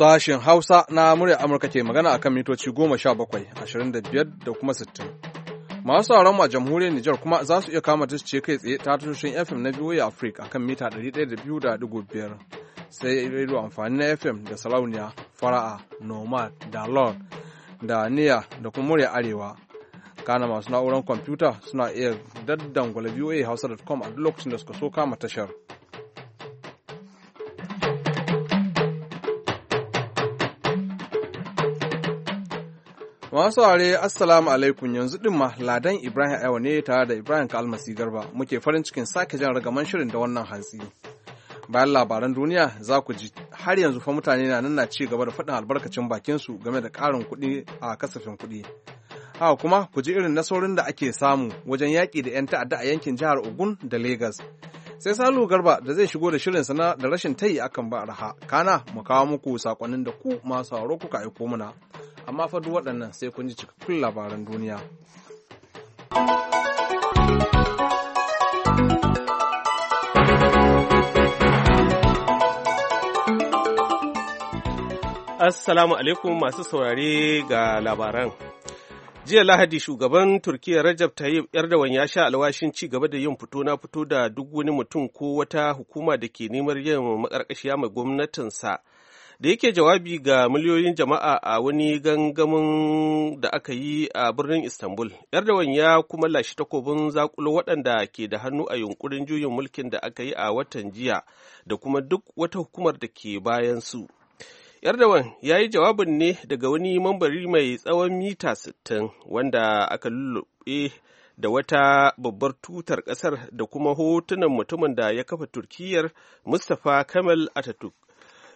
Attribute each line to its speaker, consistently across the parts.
Speaker 1: Sashen Hausa na murya Amurka ke magana akan mitoci goma sha bakwai, ashirin da biyar da kuma sittin. Masu sauran a jamhuriyar Nijar kuma za su iya kama tushe kai tsaye ta tushen FM na VOA Africa akan mita ɗari ɗaya da biyu da ɗigo biyar. Sai rediyo amfani na FM da sarauniya, fara'a, nomad, dalon, da niya da kuma murya arewa. Kana masu na'urar kwamfuta suna iya daddangwala voa hausa.com a duk lokacin da suka so kama tashar. Masu ware Assalamu alaikum yanzu ɗin ma Ladan Ibrahim ayawa ne tare da Ibrahim Kalmasi Garba muke farin cikin sake jan ragaman shirin da wannan hantsi. Bayan labaran duniya za ku ji har yanzu fa mutane na nan na ci gaba da faɗin albarkacin bakinsu game da ƙarin kuɗi a kasafin kuɗi. Haka kuma ku ji irin nasorin da ake samu wajen yaƙi da 'yan ta'adda a yankin jihar Ogun da Legas. Sai Salu Garba da zai shigo da shirin sana da rashin tayi akan ba arha. Kana mu kawo muku sakonnin da ku masu sauraro kuka aiko mana. amma fa duk waɗannan sai kun ji cikakkun labaran duniya.
Speaker 2: Assalamu alaikum masu saurare ga labaran. Jiya Lahadi shugaban Turkiyya Rajab Tayyip Erdogan ya sha alwashin ci gaba da yin fito na fito da duk wani mutum ko wata hukuma da ke neman yin makarkashiya mai gwamnatinsa da yake jawabi ga miliyoyin jama'a a wani gangamin da aka yi a birnin istanbul erdogan ya kuma lashe takobin zakulo waɗanda ke da hannu a yunkurin juyin mulkin da aka yi a watan jiya da kuma duk wata hukumar da ke bayan su erdogan ya yi jawabin ne daga wani mambari mai tsawon mita 60 wanda aka lullube da wata babbar tutar ƙasar da kuma hotunan mutumin da ya kafa turkiyyar mustapha kamal ataturk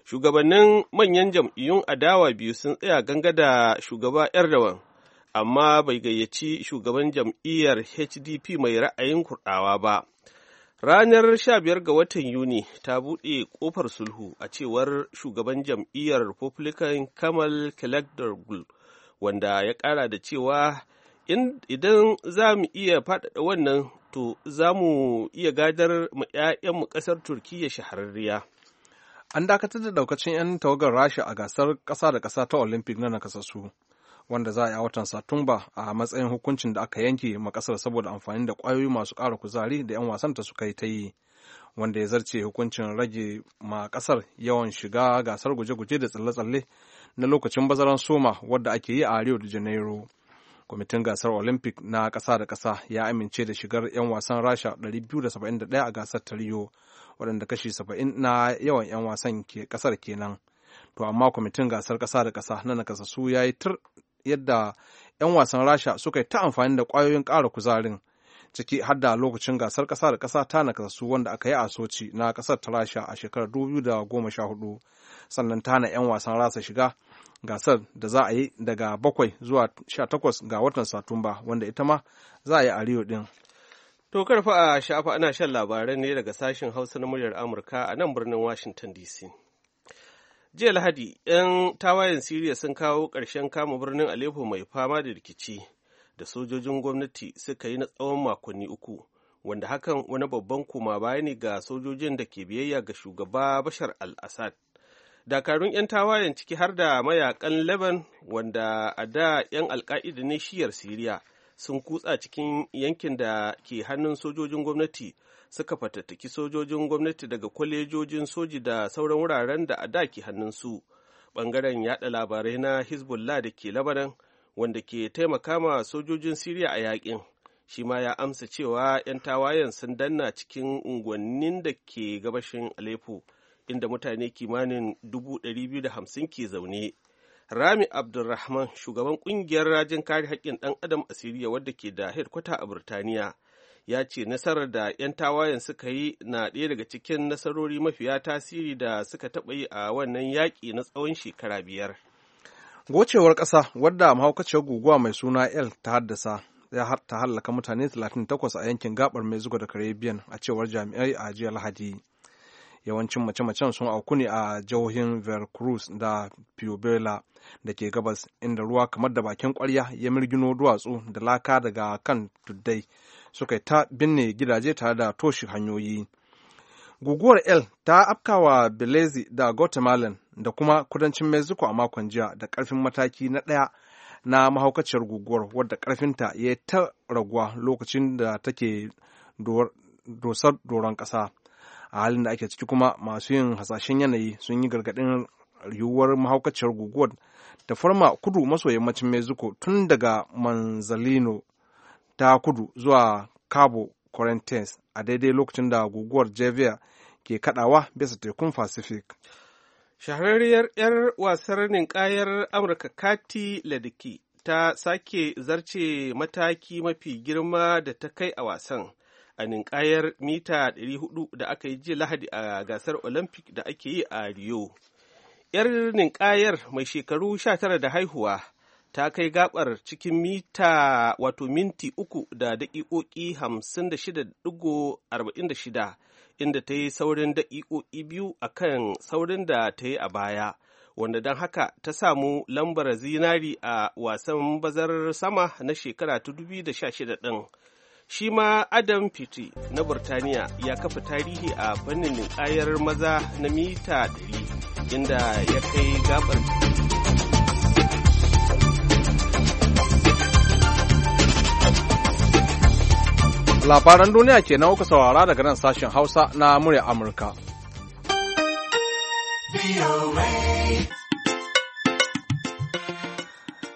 Speaker 2: shugabannin manyan jam'iyyun adawa biyu sun tsaya ganga da shugaba erdogan amma bai gayyaci shugaban jam'iyyar hdp mai ra'ayin kurɗawa ba ranar 15 ga watan yuni ta buɗe ƙofar sulhu a cewar shugaban jam'iyyar republican kamal kılıçdaroğlu wanda ya ƙara da cewa idan za mu iya faɗaɗa wannan
Speaker 1: to za mu iya gadar
Speaker 2: mu 'ya'yanmu ƙasar turkiyya shahararriya
Speaker 1: an dakatar da daukacin 'yan tawagar rasha a gasar kasa da ƙasa ta olympic na nakasassu wanda za a yi a watan satumba a matsayin hukuncin da aka yanke ma ƙasar saboda amfani da kwayoyi masu kara kuzari da 'yan wasan ta suka yi ta yi wanda ya zarce hukuncin rage ma kasar yawan shiga gasar guje-guje da tsalle-tsalle na lokacin bazaran soma wadda ake yi a rio de janeiro kwamitin gasar olympic na ƙasa da kasa ya amince da shigar 'yan wasan rasha 271 a gasar ta rio waɗanda kashi saba'in na yawan 'yan wasan ke ƙasar kenan to amma kwamitin gasar ƙasa da ƙasa na nakasassu ya yi tur yadda 'yan wasan rasha suka yi ta amfani da ƙwayoyin ƙara kuzarin ciki har da lokacin gasar ƙasa da ƙasa ta nakasassu wanda aka yi a soci na ƙasar ta rasha a shekarar da goma sha hudu sannan ta na 'yan wasan rasa shiga gasar da za a yi daga bakwai zuwa sha takwas ga watan satumba wanda ita ma za a yi a rio din
Speaker 2: To karfa a shafa ana shan labarai ne daga sashen Hausa na muryar Amurka a nan birnin Washington DC. Jiya Lahadi, 'yan tawayen Siriya sun kawo ƙarshen kama birnin Aleppo mai fama da rikici da sojojin gwamnati suka yi na tsawon makonni uku, wanda hakan wani babban koma baya ne ga sojojin da ke biyayya ga shugaba Bashar al-Assad. Dakarun 'yan tawayen ciki har da mayakan Leban wanda a da 'yan alka'ida ne shiyar Siriya. sun kutsa cikin yankin da ke hannun sojojin gwamnati suka fatattaki sojojin gwamnati daga kwalejojin soji da sauran wuraren da a da ke hannunsu bangaren yada labarai na hezbollah da ke labaran wanda ke taimaka ma sojojin siriya a yakin shi ma ya amsa cewa 'yan tawayen sun danna cikin unguwannin da ke gabashin aleppo inda mutane kimanin 250 ke zaune Rami Abdulrahman shugaban kungiyar rajin kare haƙƙin ɗan adam a Siriya wadda ke da hedkwata a Burtaniya ya ce nasarar da 'yan tawayen suka yi na ɗaya daga cikin nasarori mafiya tasiri da suka taɓa yi a wannan yaƙi na tsawon shekara biyar.
Speaker 1: Gocewar ƙasa wadda mahaukaciyar guguwa mai suna El ta haddasa ya ta hallaka mutane 38 a yankin gabar zuga da Caribbean a cewar jami'ai a jiya Lahadi. yawancin mace-macen sun auku ne a jihohin veracruz da puebla da ke gabas inda ruwa kamar da bakin kwarya ya mirgino duwatsu da laka daga kan tuddai suka ta binne gidaje tare da toshe hanyoyi guguwar el ta afkawa belize da guatemalan da kuma kudancin mexico a makon jiya da karfin mataki na daya na mahaukaciyar guguwar wadda karfinta ya ta raguwa lokacin da take dosar doron kasa. a halin da ake ciki kuma masu yin hasashen yanayi sun yi gargaɗin yiwuwar mahaukaciyar guguwar da farma kudu maso yammacin mexico tun daga manzalino ta kudu zuwa cabo corrientes a daidai lokacin da guguwar javier ke kadawa bisa tekun pacific
Speaker 2: shahararriyar 'yar wasar ninkayar amurka kati ladiki ta sake zarce mataki mafi girma da ta kai a wasan a ninkayar mita 400 da aka yi jiya lahadi a gasar olympic da ake yi a rio yar ninkayar mai shekaru 19 da haihuwa ta kai gabar cikin mita wato minti uku da daƙiƙoƙi 56.46 inda ta yi saurin daƙiƙoƙi biyu a kan saurin da ta yi a baya wanda don haka ta samu lambar zinari a wasan bazar sama na shekara ta 2016 ɗin shi ma adam fiti na burtaniya ya kafa tarihi a fannin ninkayar maza na mita 100 inda ya kai gabar
Speaker 1: labaran duniya ke na kuka saurara daga nan sashen hausa na murya amurka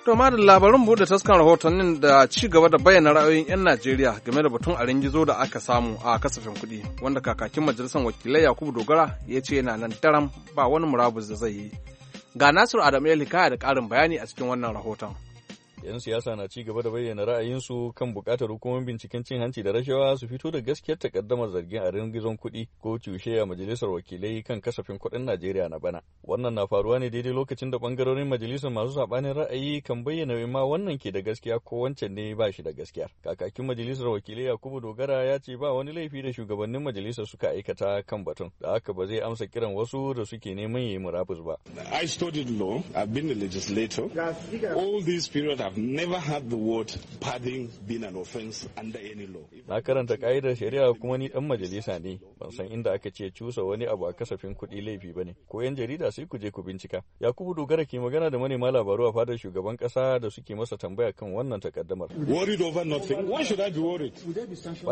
Speaker 1: To ma da labarin buɗe taskan rahotannin da ci gaba da bayyana ra'ayoyin 'yan Najeriya game da batun arin gizo da aka samu a kasafin kuɗi wanda kakakin majalisar wakilai Yakubu Dogara ya ce yana nan daram ba wani murabus da zai yi. Ga Nasiru Adamu ya da ƙarin bayani a cikin wannan rahoton.
Speaker 3: 'yan siyasa na ci gaba da bayyana ra'ayinsu kan bukatar hukumar binciken cin hanci da rashawa su fito da gaskiyar takaddamar zargin a gizon kuɗi ko cushe a majalisar wakilai kan kasafin kuɗin Najeriya na bana. Wannan na faruwa ne daidai lokacin da bangarorin majalisar masu saɓanin ra'ayi kan bayyana ma wannan ke da gaskiya ko wancan ne ba shi da gaskiya. Kakakin majalisar wakilai Yakubu Dogara ya ce ba wani laifi da shugabannin majalisar suka aikata kan batun da haka ba zai amsa kiran wasu da suke neman yi murabus ba. I studied law, I've been a legislator. All these periods have never had the word pardon being an offense under any law. Na karanta ka'idar shari'a kuma ni dan majalisa ne, ban san inda aka ce cusa wani abu a kasafin kuɗi laifi bane. Ko yan jarida sai ku je ku bincika. Yakubu Dogara ke magana da manema labaru a fadar shugaban kasa da suke masa tambaya kan wannan takaddamar. Worried over nothing.
Speaker 4: Why should I be worried?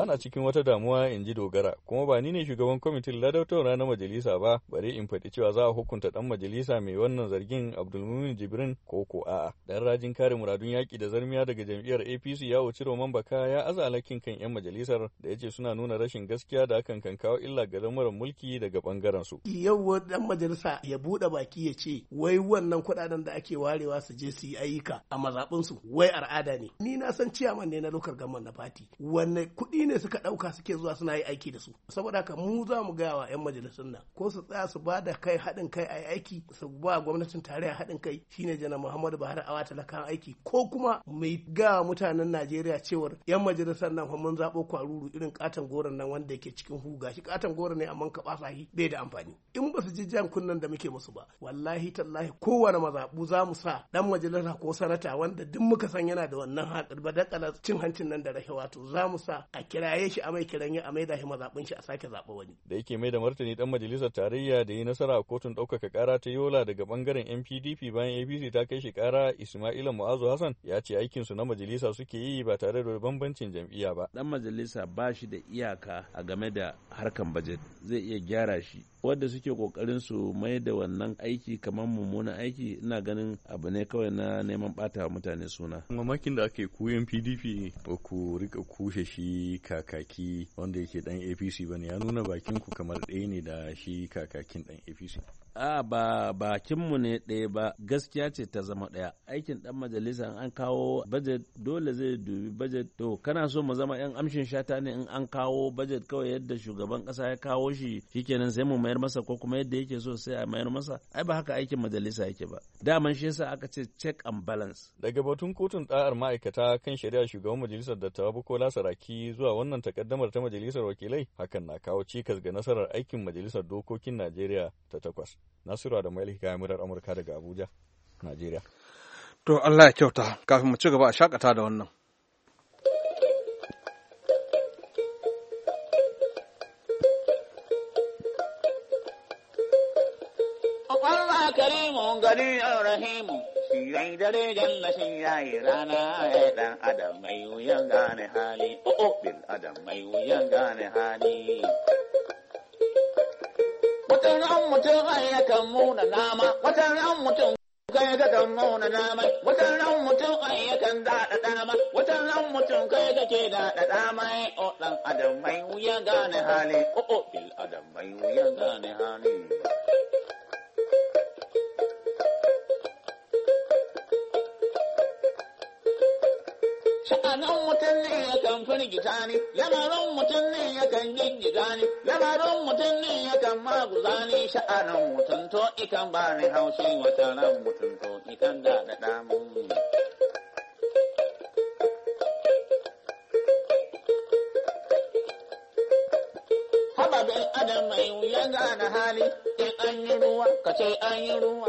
Speaker 3: na cikin wata damuwa in ji Dogara, kuma ba ni ne shugaban kwamitin ladautarwa na majalisa ba, bare in faɗi cewa za a hukunta dan majalisa mai wannan zargin Abdulmumin Jibrin ko ko a'a. Dan rajin kare muradun takobin yaƙi da zarmiya daga jam'iyyar apc ya wuci roman baka ya aza alakin kan 'yan majalisar da ya ce suna nuna rashin gaskiya da akan kan kawo illa ga lamuran mulki daga bangaren su
Speaker 5: yau dan
Speaker 6: majalisa ya buɗe baki ya ce wai wannan kuɗaɗen da ake warewa su je su yi ayyuka a mazaɓin su wai al'ada ne ni na san ciyaman ne na lokar gamman na fati wanne kuɗi ne suka ɗauka suke zuwa suna yi aiki da su saboda haka mu za mu gaya wa 'yan majalisun nan ko su tsaya su ba da kai haɗin kai a aiki su ba gwamnatin tarayya haɗin kai shine janar muhammadu buhari awa talakan aiki ko ko kuma mai ga mutanen Najeriya cewar yan majalisar nan fa mun zaɓo kwaruru irin katon goron nan wanda yake cikin huga shi katon goron ne amma ka basa shi bai da amfani in ba su ji jan kunnan da muke musu ba wallahi tallahi kowane mazaɓu za mu sa dan majalisa ko sanata wanda duk muka san yana da wannan haƙar ba dakala cin hancin nan da rahe wato za mu sa a kiraye shi a mai kiran ya a mai da shi mazaɓin shi a sake zaɓa wani.
Speaker 3: Da yake mai da martani dan majalisar tarayya da yi nasara a kotun ɗaukaka kara ta Yola daga bangaren NPDP bayan APC ta kai shi kara Ismaila Mu'azu Hassan Hassan ya ce aikinsu na majalisa suke yi ba tare da bambancin jam'iyya ba. Dan majalisa ba shi da iyaka a game da harkan bajet zai iya gyara shi.
Speaker 4: Wadda suke kokarin su mai da wannan aiki kamar mummunan aiki ina ganin abu ne kawai na neman bata mutane
Speaker 3: suna. Mamakin da ake koyon PDP ko ku rika kushe shi kakaki wanda yake dan APC bane ya nuna bakin ku kamar ɗaya ne da shi kakakin dan APC.
Speaker 4: a ba bakinmu ne ɗaya ba gaskiya ce ta zama ɗaya aikin ɗan majalisa in an kawo budget dole zai dubi budget to kana so mu zama yan amshin shata ne in an kawo budget kawai yadda shugaban ƙasa ya kawo shi shikenan sai mu mayar masa ko kuma yadda yake so sai
Speaker 3: a mayar masa ai ba haka aikin majalisa yake ba daman shi yasa aka ce check and balance daga batun kotun ɗa'ar ma'aikata kan shari'a shugaban majalisar dattawa Bukola Saraki zuwa wannan takaddamar ta majalisar wakilai hakan na kawo cikas ga nasarar aikin majalisar dokokin Najeriya ta takwas Nasiru da Maili ga murar Amurka daga Abuja, Najeriya.
Speaker 1: To Allah ya kyauta kafin mu ci gaba a
Speaker 3: shakata da wannan.
Speaker 7: Allah karimu gari rahimu shirai dare janna shi
Speaker 5: yayi rana ya ɗan adam mai wuyan gane hali oh, oh, bil adam mai wuyan gane hali
Speaker 4: wata ran mutum an yakan muna nama wata ran mutum kai ga kan muna nama wata ran mutum an yakan dama wata ran mutum kai ga ke da dama
Speaker 5: o dan adam
Speaker 4: mai wuya gane hali o o bil adam mai wuya gane hali
Speaker 5: Lamarin mutum ne yakan firgita ne, lamarin mutum ne yakan gingiga ne, lamarin mutum ne yakan maguza ne, sha'anin mutum
Speaker 4: to ikan ba ni haushi wata nan mutum to ikan da da damun.
Speaker 5: Haba bin adam mai wuya gane hali, in an yi ruwa, ka ce an yi ruwa,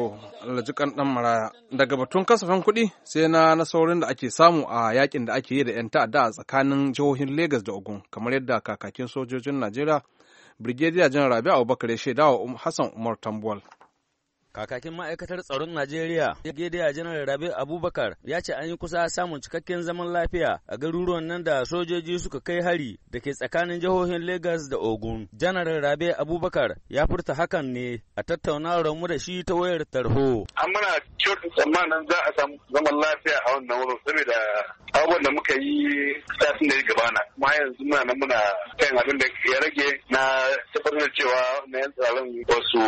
Speaker 1: lajikan dan maraya daga batun kasafin kuɗi sai na saurin da ake samu a yakin da ake yi da 'yan ta'adda a tsakanin jihohin Legas da Ogun kamar yadda kakakin sojojin Najeriya Brigadier General Rabi Abubakar ya shaidawa umm Hassan Umar Tambuwal. Kakakin
Speaker 4: ma'aikatar tsaron Najeriya, Brigadier janar rabe Abubakar ya ce an yi kusa samun cikakken zaman lafiya a garuruwan nan da sojoji suka kai hari da ke tsakanin jihohin Lagos da Ogun. janar rabe Abubakar ya furta hakan ne a tattaunawar mu da shi ta wayar tarho.
Speaker 7: An muna kyautu tsammanin za a samu zaman lafiya a wannan wurin saboda abubuwan da muka yi satin da ya gabana. Kuma yanzu muna nan muna kan abin da ya rage na tabbatar cewa na yan tsaron wasu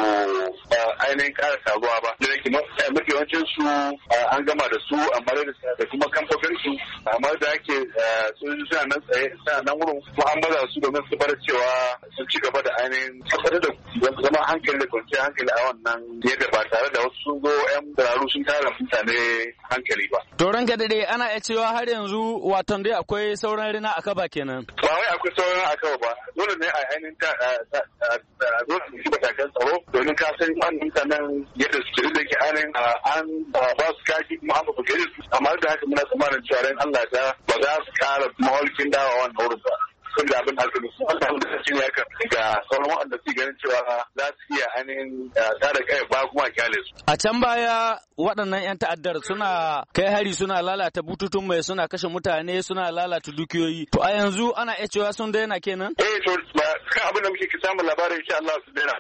Speaker 7: eh, ainihin ƙara karuwa ba da yake eh, mafi yawancin su eh, an gama da su amma da kuma kamfanin su amma da ake eh, sojoji suna nan tsaye suna nan wurin kuma an maza su domin su bar cewa sun ci gaba da ainihin tabbatar da zama hankali da kwanciyar hankali a wannan yadda ba tare da wasu sun zo 'yan dararu sun tara mutane hankali ba.
Speaker 4: To ranka daɗe ana iya cewa har yanzu watan dai akwai sauran rina a kaba kenan.
Speaker 7: Ba wai akwai sauran a kaba ba dole ne a ainihin ta a dole a matakan tsaro domin ka san wannan mutanen yadda suke da ke anin an ba su kashi kuma an ba gare su amma da haka muna tsammanin cewa Allah ta ba za su kara mawalkin dawa wannan wurin ba. sun da abin arziki su an samu da cin yakan ga sauran wa'anda su ganin cewa za su iya hannun tsara kai ba kuma kyale su.
Speaker 4: A can baya waɗannan 'yan ta'addar suna kai hari suna lalata bututun mai suna kashe mutane suna lalata dukiyoyi. To a yanzu ana iya cewa sun daina kenan? Eh
Speaker 7: to kan abin da muke samun labarin insha Allah su daina.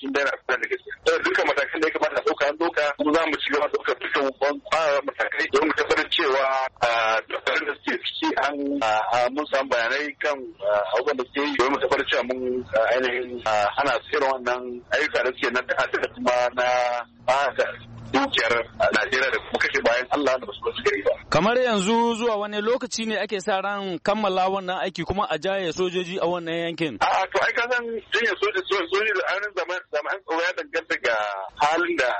Speaker 7: sun daina da gaske. matakan da ya kamata ɗauka an ɗauka kuma za mu ci gaba ɗaukar dukkan matakai don mu tabbatar cewa da suke ciki an mun samu bayanai kan abubuwan da suke yi don mu tabbatar cewa mun ainihin hana su irin wannan ayyuka da suke na da kuma na dukiyar Najeriya da kuma kashe bayan Allah da basu
Speaker 4: gari ba. Kamar yanzu zuwa wani lokaci ne ake sa ran kammala wannan aiki kuma a jaye sojoji a wannan yankin.
Speaker 7: A'a to ai ka san jinya sojoji da an zaman zaman tsaro ya danganta ga halin da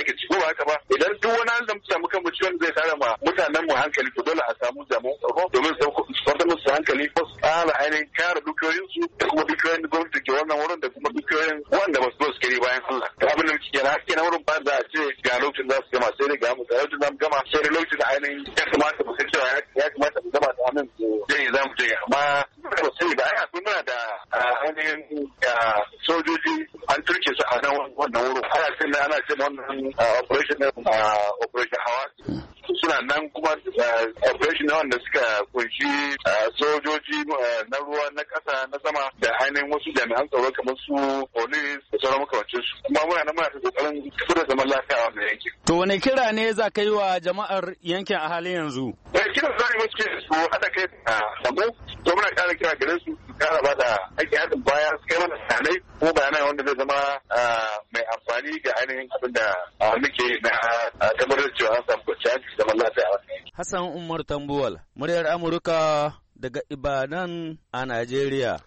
Speaker 7: ake ciki ba haka ba idan duk wani halin da mu samu kan ciwon zai tara ma mutanen mu hankali to dole a samu zaman tsaro domin su kwanta musu hankali ko su tsara ainihin kare dukiyoyin su da kuma dukiyoyin gwamnati ke wannan wurin da kuma dukiyoyin wanda ba su zo bayan Allah. Abin da muke kenan na wurin ba za a ce ga lokacin za su gama sai dai ga mu lokacin za mu gama sai dai lokacin da ainihin ya kamata mu san cewa ya kamata mu gama da amin zai za mu je amma ba sai ba ai akwai da ainihin sojoji an turke su a nan wannan wurin ana sai ana ce wannan operation operation hawa suna nan kuma eh, operation na wanda suka kunshi eh, sojoji eh, na ruwa na ƙasa na sama da ainihin wasu jami'an tsaro kamar su police da sauran makamancin su kuma muna nan muna ta kokarin fitar da zaman lafiya a wannan yankin. To wani
Speaker 4: kira ne za ka yi wa jama'ar yankin a halin yanzu?
Speaker 7: Kira za a yi musu su haɗa kai a samu to muna ƙara kira gare su kara ba da haƙƙi haɗin baya su kai mana bayanai ko bayanai wanda zai zama ah, mai amfani ga ainihin abin da ah, muke na ah, tabbatar cewa an samu kwanciyar hankali zaman
Speaker 4: lafiya a wannan Hassan Umar Tambuwal,
Speaker 1: muryar Amurka daga Ibadan a Najeriya.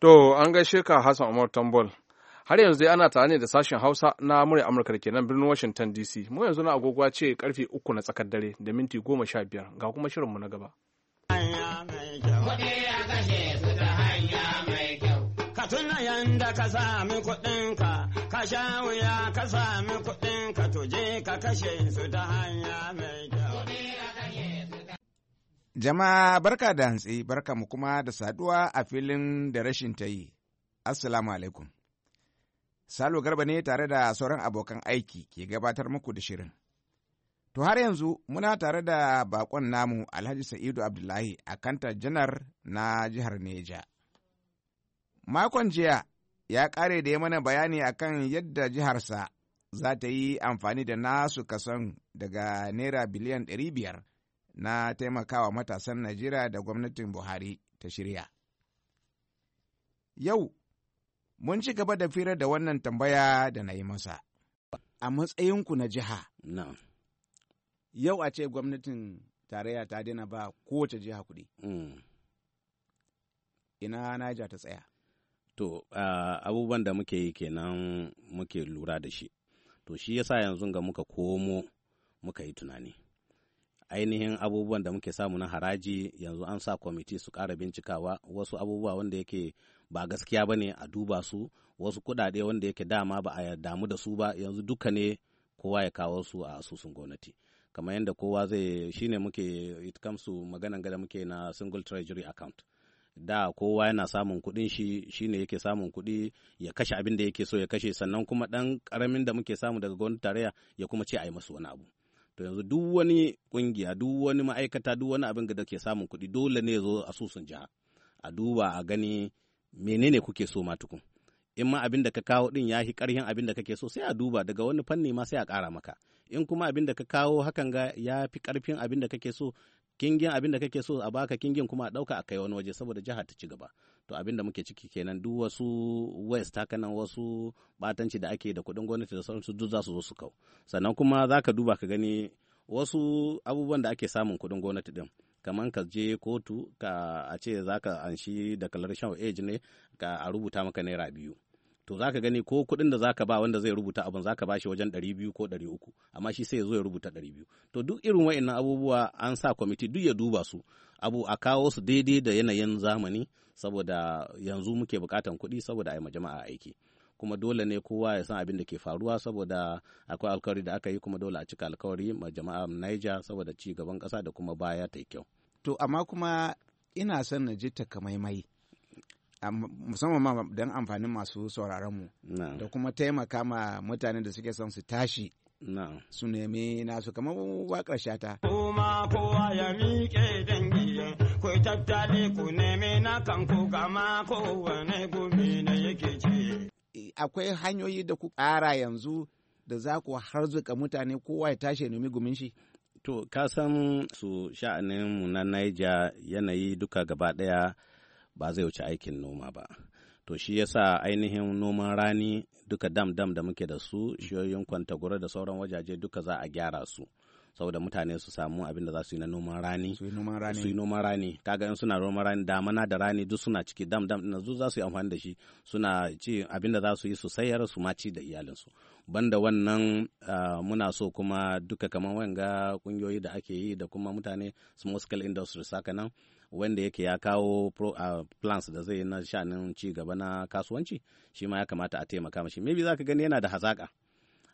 Speaker 1: To, an gaishe ka Hassan Umar Tambuwal, Har yanzu ana tare ne da sashen Hausa na murya Amurka da ke nan birnin Washington DC. Mu yanzu na agogo ce karfe uku na tsakar dare da minti goma sha biyar ga kuma shirinmu na gaba.
Speaker 4: Inda ka sami kuɗinka, ka sha wuya ka sami kuɗinka je ka kashe su ta hanya mai kyau.
Speaker 5: Jama'a barka da hantsi barka mu kuma da saduwa a filin da rashin ta yi. Assalamu alaikum. Salo Garba ne tare da sauran abokan aiki ke gabatar muku da shirin. To har yanzu muna tare da bakon namu Alhaji Sa'idu Abdullahi a kanta janar na jihar Neja. Makon jiya ya ƙare da ya mana bayani akan yadda jiharsa za ta yi amfani da nasu kason daga naira biliyan 500 na taimakawa matasan Najeriya da gwamnatin Buhari ta shirya. Yau, mun ci gaba da firar da wannan tambaya da na yi masa. A matsayinku na jiha, yau a ce gwamnatin tarayya ta daina ba kowace jiha kuɗi. Mm. Ina Naija ta tsaya.
Speaker 6: To, uh, abubuwan da muke yi kenan muke lura da shi. To, shi yasa yanzu ga muka komo muka yi tunani. Ainihin abubuwan da muke samu na haraji yanzu an sa kwamiti su ƙara bincikawa wasu abubuwa wanda yake ba gaskiya ba ne a duba su, wasu kuɗaɗe wanda yake dama ba a damu da su ba yanzu duka ne kowa ya kawo su a asusun gwamnati. Kamar yadda kowa zai shine muke it comes to maganan gada muke na single treasury account. da kowa yana samun kuɗin shi shine yake samun kuɗi ya kashe abin da yake so ya kashe sannan kuma ɗan ƙaramin da muke samu daga gwamnatin tarayya ya kuma ce a yi masu wani abu to yanzu duk wani ƙungiya duk wani ma'aikata duk wani abin da ke samun kuɗi dole ne ya zo asusun jiha a duba a gani menene kuke so ma tukun in ma abin da ka kawo din ya fi karhin abin da kake so sai a duba daga wani fanni ma sai a ƙara maka in kuma abin da ka kawo hakan ga ya fi karfin abin da kake so kingin abin da kake so a baka kingin kuma a ɗauka a kai wani waje saboda jiha ta ci gaba to abin da muke ciki kenan duk wasu west haka nan wasu batanci da ake da kuɗin gwamnati da sauransu duk za su zo su kau sannan kuma za ka duba ka gani wasu abubuwan da ake samun kuɗin gwamnati din kamar ka je kotu ka a ce za ka anshi declaration of age ne ka a rubuta maka naira biyu to za ka gani ko kuɗin da za ka ba wanda zai rubuta abin za ka ba shi wajen ɗari biyu ko ɗari uku amma shi sai ya zo ya rubuta ɗari biyu to duk irin wa'annan abubuwa an sa kwamiti duk ya duba su abu a kawo su daidai da yanayin zamani saboda yanzu muke buƙatan kuɗi saboda a yi jama'a aiki kuma dole ne kowa ya san abin da ke faruwa saboda akwai alkawari da aka yi kuma dole a cika alkawari ma jama'a Niger saboda ci gaban ƙasa da kuma baya ta kyau.
Speaker 5: To amma kuma ina son na ji takamaimai musamman ma don amfanin masu sauraron mu da kuma taimaka ma mutane da suke son su tashi su nemi nasu kamar wakar shata.
Speaker 4: Kuma
Speaker 5: kowa ya
Speaker 1: miƙe
Speaker 4: dangi ku tattale ku nemi na ku gama kowane gumi
Speaker 5: na yake ce. Akwai hanyoyi da ku ƙara yanzu da za ku harzuka mutane kowa ya tashi ya nemi gumin shi. To, ka san su
Speaker 6: sha'aninmu na naija yanayi duka gaba ɗaya ba zai wuce aikin noma ba to shi yasa ainihin noman rani duka dam dam da muke da su shiyoyin kwantagura da sauran wajaje duka za a gyara su saboda mutane su samu abin da za su yi na noman rani su yi noman rani kaga in suna noman rani damana da rani duk suna ciki dam dam na za su yi amfani da shi suna ci abin da za su yi su sayar su maci ci da iyalinsu banda wannan muna so kuma duka kamar wanga kungiyoyi da ake yi da kuma mutane small scale nan wanda yake ya kawo ah, plans da zai na shanin ci gaba na kasuwanci shi ma ya kamata a taimaka mashi maybe za ka gani yana da hazaka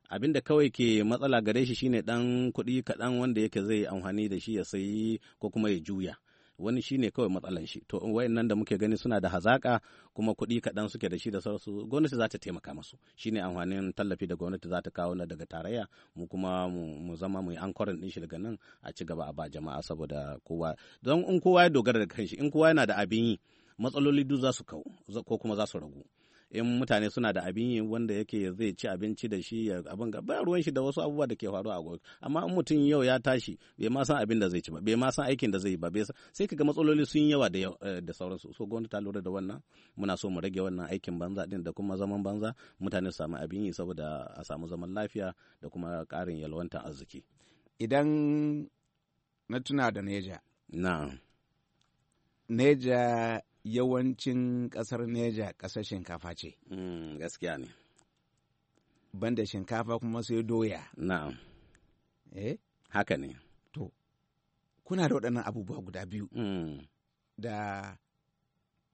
Speaker 6: abin da kawai ke matsala gare shi shine dan kuɗi kaɗan wanda yake zai amfani da shi ya sayi ko kuma ya juya wani shine kawai matsalan shi to nan da muke gani suna da hazaka kuma kuɗi kaɗan suke da shi da sauransu gwamnati za ta taimaka musu shine amfanin tallafi da gwamnati za ta kawo na daga tarayya mu kuma mu zama mu yi ankorin din shi daga nan a ci gaba a ba jama'a saboda kowa don in kowa ya dogara da kanshi in kowa yana da abin yi matsaloli duk za su kawo ko kuma za su ragu in mutane suna da abin yi wanda yake zai ci abinci da shi ya abin ga ba ruwan shi da wasu abubuwa da ke faru a gobe amma in mutum yau ya tashi bai ma san abin da zai ci ba bai ma san aikin da zai yi ba bai sai kaga matsaloli sun yawa da eh, da sauransu so gwamnati ta lura da wannan muna so mu rage wannan aikin banza din da kuma zaman banza mutane su samu abin yi saboda a samu zaman lafiya da kuma
Speaker 5: ƙarin yalwantar arziki idan na tuna da neja na neja yawancin ƙasar Neja ƙasar shinkafa ce. Mm, gaskiya ne. Banda shinkafa kuma sai doya. Na'am. Eh? Haka ne. To, kuna da waɗannan abubuwa guda biyu. Mm. Da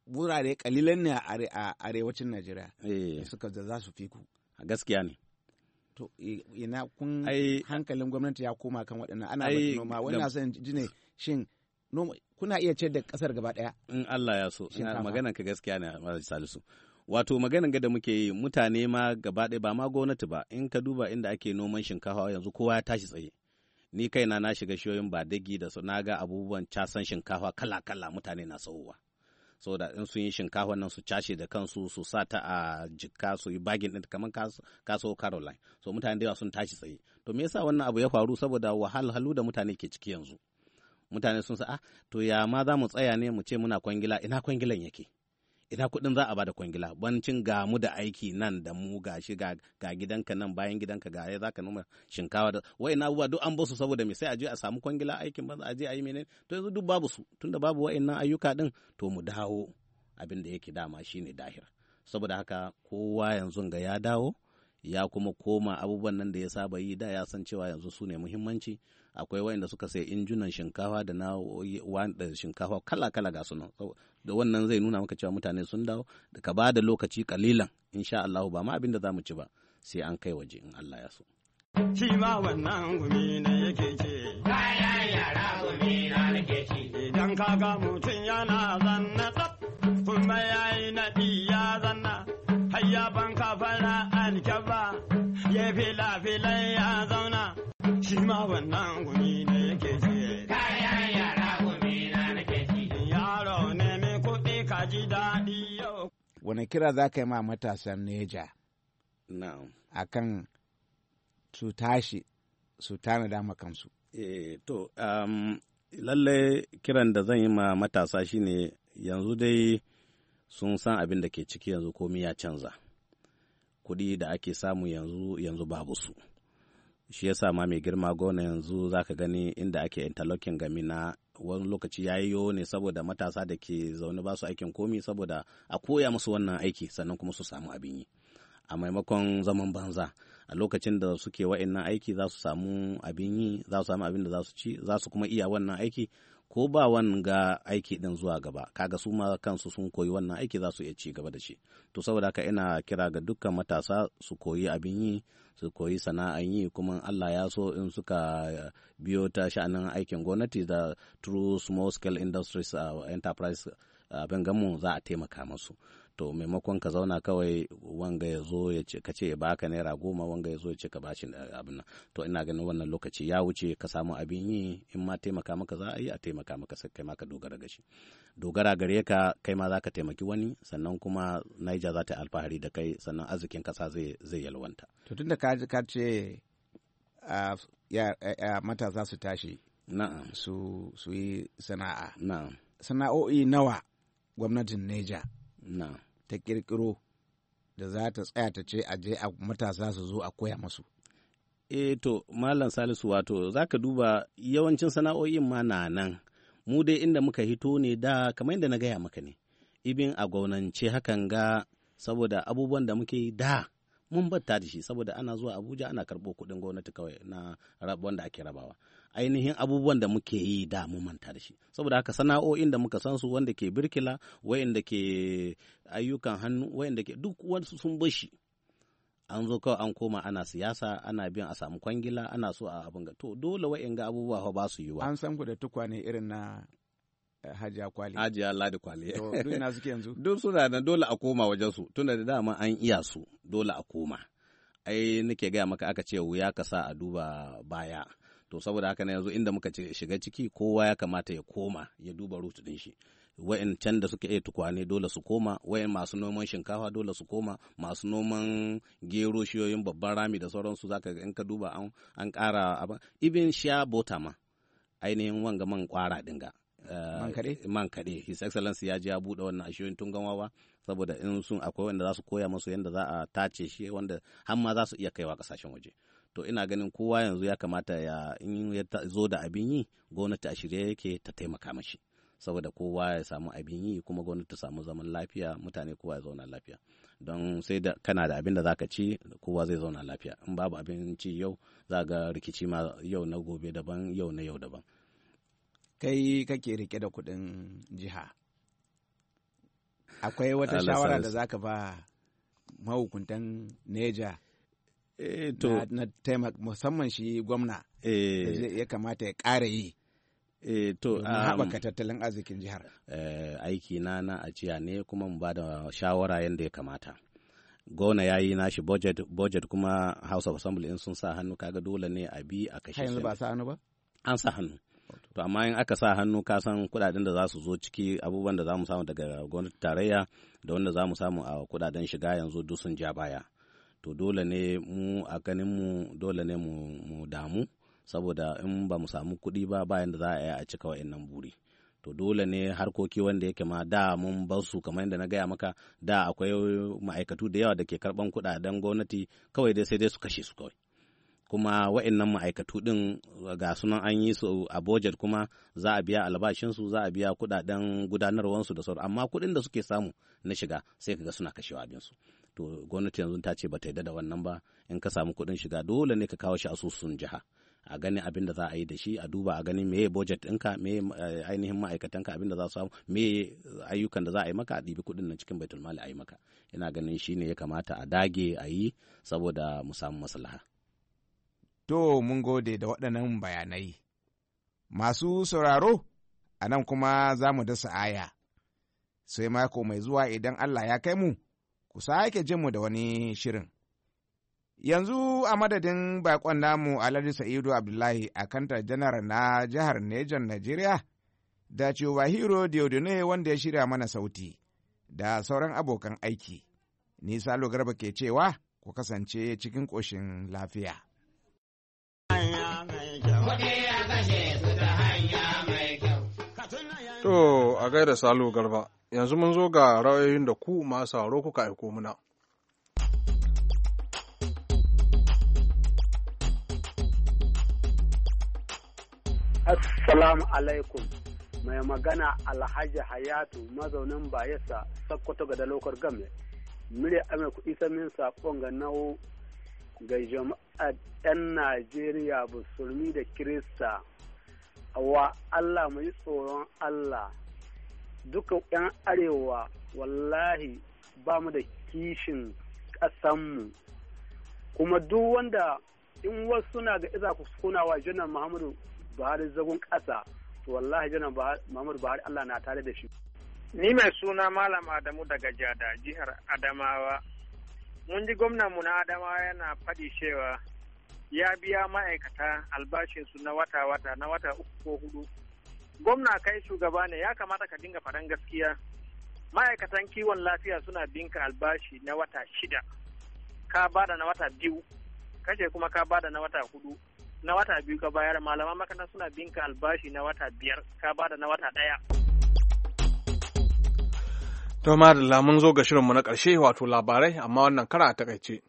Speaker 5: wurare kalilan ne a arewacin Najeriya. Eh. Suka za su fi ku. Gaskiya ne. to ina kun hankalin gwamnati ya koma kan waɗannan ana noma wannan son ji ne shin kuna iya ce da kasar gaba daya
Speaker 6: in Allah ya so magana ka gaskiya ne Malam Salisu wato magana ga da muke yi mutane ma gaba daya ba ma gwamnati ba in ka duba inda ake noman shinkafa yanzu kowa ya tashi tsaye ni kaina na shiga shoyin ba dagi da su naga abubuwan casan shinkafa kala kala mutane na sauwa so da in sun yi shinkafa nan su cashe da kansu su sa ta a jikka su yi bagin din kamar kaso caroline so mutane da yawa sun tashi tsaye to me yasa wannan abu ya faru saboda wahalhalu da mutane ke ciki yanzu mutane sun sa ah, to ya ma za mu tsaya ne mu ce muna kwangila ina kwangilan yake ina kuɗin za a bada kwangila bancin ga mu da aiki nan da mu ga shi ga gidanka nan bayan gidanka ga za ka nuna shinkawa da na abubuwa duk an basu saboda me sai a je a samu kwangila aikin banza a je a yi menene to yanzu duk babu su tunda babu wa'in ayyuka din to mu dawo abin da yake dama shine dahir saboda haka kowa yanzu ga ya dawo ya kuma koma abubuwan nan da ya saba yi da ya san cewa yanzu su ne muhimmanci akwai wayanda suka sai injunan shinkafa da na wanda shinkafa kala kala ga sunan da wannan zai nuna maka cewa mutane sun dawo da ka ba da lokaci kalilan insha Allah ba ma abin da za mu ci ba sai an kai waje in Allah ya so
Speaker 4: shi ma wannan gumi ne yake ce kayan yara gumi na nake ci idan kaga mutum yana zanna tsaf kuma yayi naɗi ya zanna hayya ban kafara ba ya fila ya zauna shi ma wannan gumi ne yake ce yara gumi na yaro ne kuɗi ka ji daɗi yau
Speaker 5: wani kira za ka yi ma matasan neja a kan su tashi su tanada ma kansu
Speaker 6: e, to um, lalle kiran da zan yi ma matasa shine yanzu dai sun san abin da ke ciki yanzu komi ya canza kuɗi da ake samu yanzu yanzu babu su shi ya sa ma mai girma gona yanzu za ka gani inda ake interlocking gami na wani lokaci ya yiwo ne saboda matasa da ke zaune ba su aikin komi saboda a koya musu wannan aiki sannan kuma su samu abin yi a maimakon zaman banza a lokacin da suke wa'annan aiki za su samu abin yi za su samu abin da za su ci za su kuma iya wannan aiki ko ba wanga aiki din zuwa gaba kaga su ma kansu sun koyi wannan aiki za su iya ci gaba da shi to saboda haka ina kira ga dukkan matasa su koyi abin yi su koyi sana'an yi kuma Allah ya so in suka eh, biyo ta sha'anin aikin gwamnati da true small scale industries uh, enterprise ah, abin gamu za a taimaka masu to maimakon ka zauna kawai wanga ya zo ya ce ka ce ya baka naira goma wanga ya zo ya ce ka bashi abin nan to ina ganin wannan lokaci ya wuce ka samu abin yi in ma taimaka maka za a yi a taimaka maka sai kai ma ka dogara ga shi dogara gare ka kai ma za ka taimaki wani sannan kuma Niger za ta alfahari da kai sannan
Speaker 5: arzikin kasa zai zai yalwanta to tunda ka ka ce matasa su tashi na'am su su yi sana'a na'am sana'o'i nawa gwamnatin Niger na'am ta ƙirƙiro da za ta tsaya ta ce je a matasa su zo a koya masu. E
Speaker 6: to, Malam Salisu wato, za ka duba yawancin sana'o'in ma na nan, mu dai inda muka hito ne da kamar yadda na gaya maka ne, ibin a gwaunance hakan ga saboda abubuwan da muke da mun batta da shi saboda ana zuwa Abuja ana karɓo kuɗin gwamnati kawai na wanda ake rabawa. ainihin abubuwan da muke yi da mu manta da shi saboda haka sana'o'in da muka san su wanda ke birkila wayanda ke ayyukan hannu wayanda ke duk wasu sun bashi an zo kawai an koma ana siyasa ana bin a samu kwangila ana so a abin to dole wayanga abubuwa ba su yiwa an san ku da tukwane irin na
Speaker 5: eh, Hajiya Kwali.
Speaker 6: Hajiya Ladi Kwali. To, duk ina suke yanzu? Duk suna da dole a koma wajen su, tunda da dama an iya su, dole a koma. Ai nake gaya maka aka ce wuya ka sa a duba baya. to saboda haka na yanzu inda muka shiga ciki kowa ya kamata ya koma ya duba rutu din shi can da suka iya tukwane dole su koma wa'in masu noman shinkafa dole su koma masu noman gero shiyoyin babban rami da sauransu zaka in ka duba an kara abin ibin sha bota ma ainihin wanga man kwara dinga eh, man kaɗe his excellence ya ji ya buɗe wannan ashiyoyin tun gamawa saboda in sun akwai wanda za su koya masu yadda za a tace shi wanda har ma za su iya kaiwa kasashen waje to ina ganin kowa yanzu ya kamata ya in zo da abin yi gwamnati a shirye yake ta taimaka mashi saboda kowa ya samu abin yi kuma gwamnati ta samu zaman lafiya mutane kowa ya zauna lafiya don sai da kana da abin da zaka ci kowa zai zauna lafiya in babu abinci yau za ga rikici ma yau na gobe daban yau na yau daban kai kake rike
Speaker 5: da kuɗin jiha akwai wata shawara da zaka ba mahukuntan neja Eh, to na taimak musamman shi gwamna eh. ya kamata ya ƙara yi eh, to um, haɓaka tattalin arzikin jihar
Speaker 6: eh, aiki na na ajiya ne kuma mu ba da shawara yadda ya kamata gona ya yi nashi budget budget kuma house of assembly in sun sa hannu kaga dole ne a bi a kashe yanzu ba sa hannu ba an sa hannu to amma in aka sa hannu ka san kudaden da za su zo ciki abubuwan da za mu samu daga gwamnati tarayya da wanda za mu samu a kudaden shiga yanzu duk sun ja baya to dole ne mu a ganin mu dole ne mu damu saboda in ba mu samu kuɗi ba bayan da za a yi a cika wa'annan buri to dole ne harkoki wanda yake ma da mun bar su kamar yadda na gaya maka da akwai ma'aikatu da yawa da ke karban kuɗaɗen gwamnati kawai dai sai dai su kashe su kawai kuma wa'annan ma'aikatu ɗin ga sunan an yi su a budget kuma za a biya albashinsu za a biya kuɗaɗen gudanarwansu da sauran amma kuɗin da suke samu na shiga sai kaga suna kashewa abinsu. su to gwamnati yanzu ta ce ba ta yi da wannan ba in ka samu kuɗin shiga dole ne ka kawo shi asusun jiha a gani abin da za a yi da shi a duba a gani meye budget ɗinka meye eh, ainihin ka abin da za su samu meye ayyukan da za a yi maka a ɗibi kuɗin nan cikin baitul mali a yi maka ina ganin shi ne ya kamata a dage a yi saboda mu samu maslaha to
Speaker 5: mun gode da waɗannan bayanai masu sauraro a nan kuma za mu dasa aya sai mako mai zuwa idan Allah ya kai mu ku sake jin mu da wani shirin. Yanzu a madadin bakon namu Alhaji Sa'idu Abdullahi a kantar janar na jihar Nejan Najeriya da da Diodone wanda ya shirya mana sauti da sauran abokan aiki. Ni Salo Garba ke cewa ku kasance cikin koshin lafiya.
Speaker 7: Kuɗi ya kashe
Speaker 1: To a gaida Salo Garba, yanzu mun zo ga ra'ayoyin da ku masu sauro kuka aiko muna. Assalamu alaikum. Mai
Speaker 4: magana Alhaji Hayatu mazaunin Bayelsa Sokoto ga dalokar game. Murya Amurka isa min sakon ga nau ga jama'a 'yan Najeriya musulmi da Kirista wa Allah mu tsoron Allah duka 'yan arewa wallahi ba mu da kishin ƙasanmu kuma duk wanda in wasu suna ga iza ku wa janar muhammadu buhari zagon ƙasa to wallahi janar muhammadu
Speaker 1: buhari allah na tare da shi ni mai
Speaker 4: suna malam adamu daga jada jihar adamawa mun ji gwamnan mu na adamawa yana faɗi cewa ya biya ma'aikata albashinsu na wata-wata na wata uku ko hudu gwamna kai shugaba ne ya kamata ka dinga faɗan gaskiya ma'aikatan kiwon lafiya suna binka albashi na wata shida ka bada na wata biyu kashe kuma ka bada na wata hudu na wata biyu ka bayar malaman makaranta suna binka albashi na wata biyar ka bada na wata ɗaya.
Speaker 1: to da mun zo ga shirinmu na ƙarshe wato labarai amma wannan kara a takaice.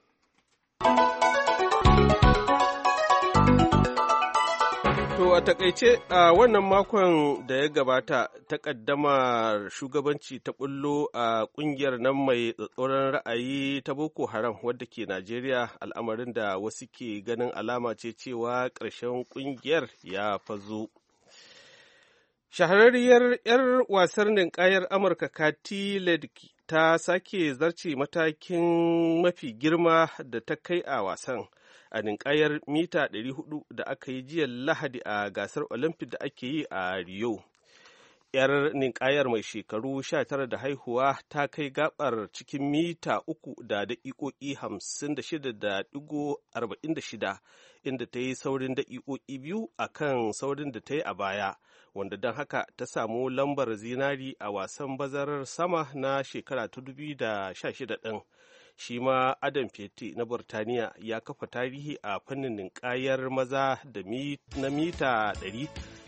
Speaker 1: To
Speaker 2: a takaice a wannan makon da ya gabata ta takaddamar shugabanci ta bullo a kungiyar nan mai tsatsauran ra'ayi ta Boko Haram wadda ke Najeriya al'amarin da wasu ke ganin alama ce cewa ƙarshen kungiyar ya fazo. Shahararriyar 'yar wasar ninkayar Amurka Kati Ledki ta sake zarce matakin mafi girma da ta kai a wasan. a ninkayar mita 400 da aka yi jiya lahadi a gasar olympic da ake yi a rio yar ninkayar mai shekaru 19 da haihuwa ta kai gabar cikin mita 3 da daƙiƙoƙi 56.46 inda ta yi saurin daƙiƙoƙi biyu a kan saurin da ta yi a baya wanda don haka ta samu lambar zinari a wasan bazarar sama na shekara ta 2016 ɗin shi ma adam fete na burtaniya ya kafa tarihi a fannin ninkayar maza da na mita 100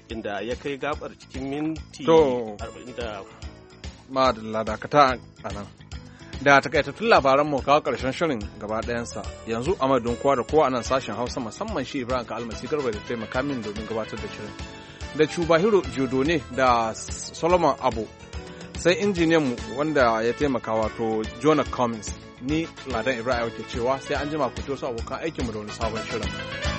Speaker 2: inda ya kai gabar cikin minti 40
Speaker 1: madalla dakata a nan da takaitattun labaran mu karshen shirin gaba ɗayansa yanzu a madadin kowa da kowa anan nan sashen hausa musamman shi ibrahim ka almasi garba da taimaka min domin gabatar da shirin da cubahiro jodone da solomon abu sai injiniyan mu wanda ya taimaka wato jonah cummins ni Ladan Ibrahim ke cewa sai an jima fito su abokan aikinmu da wani sabon shirin.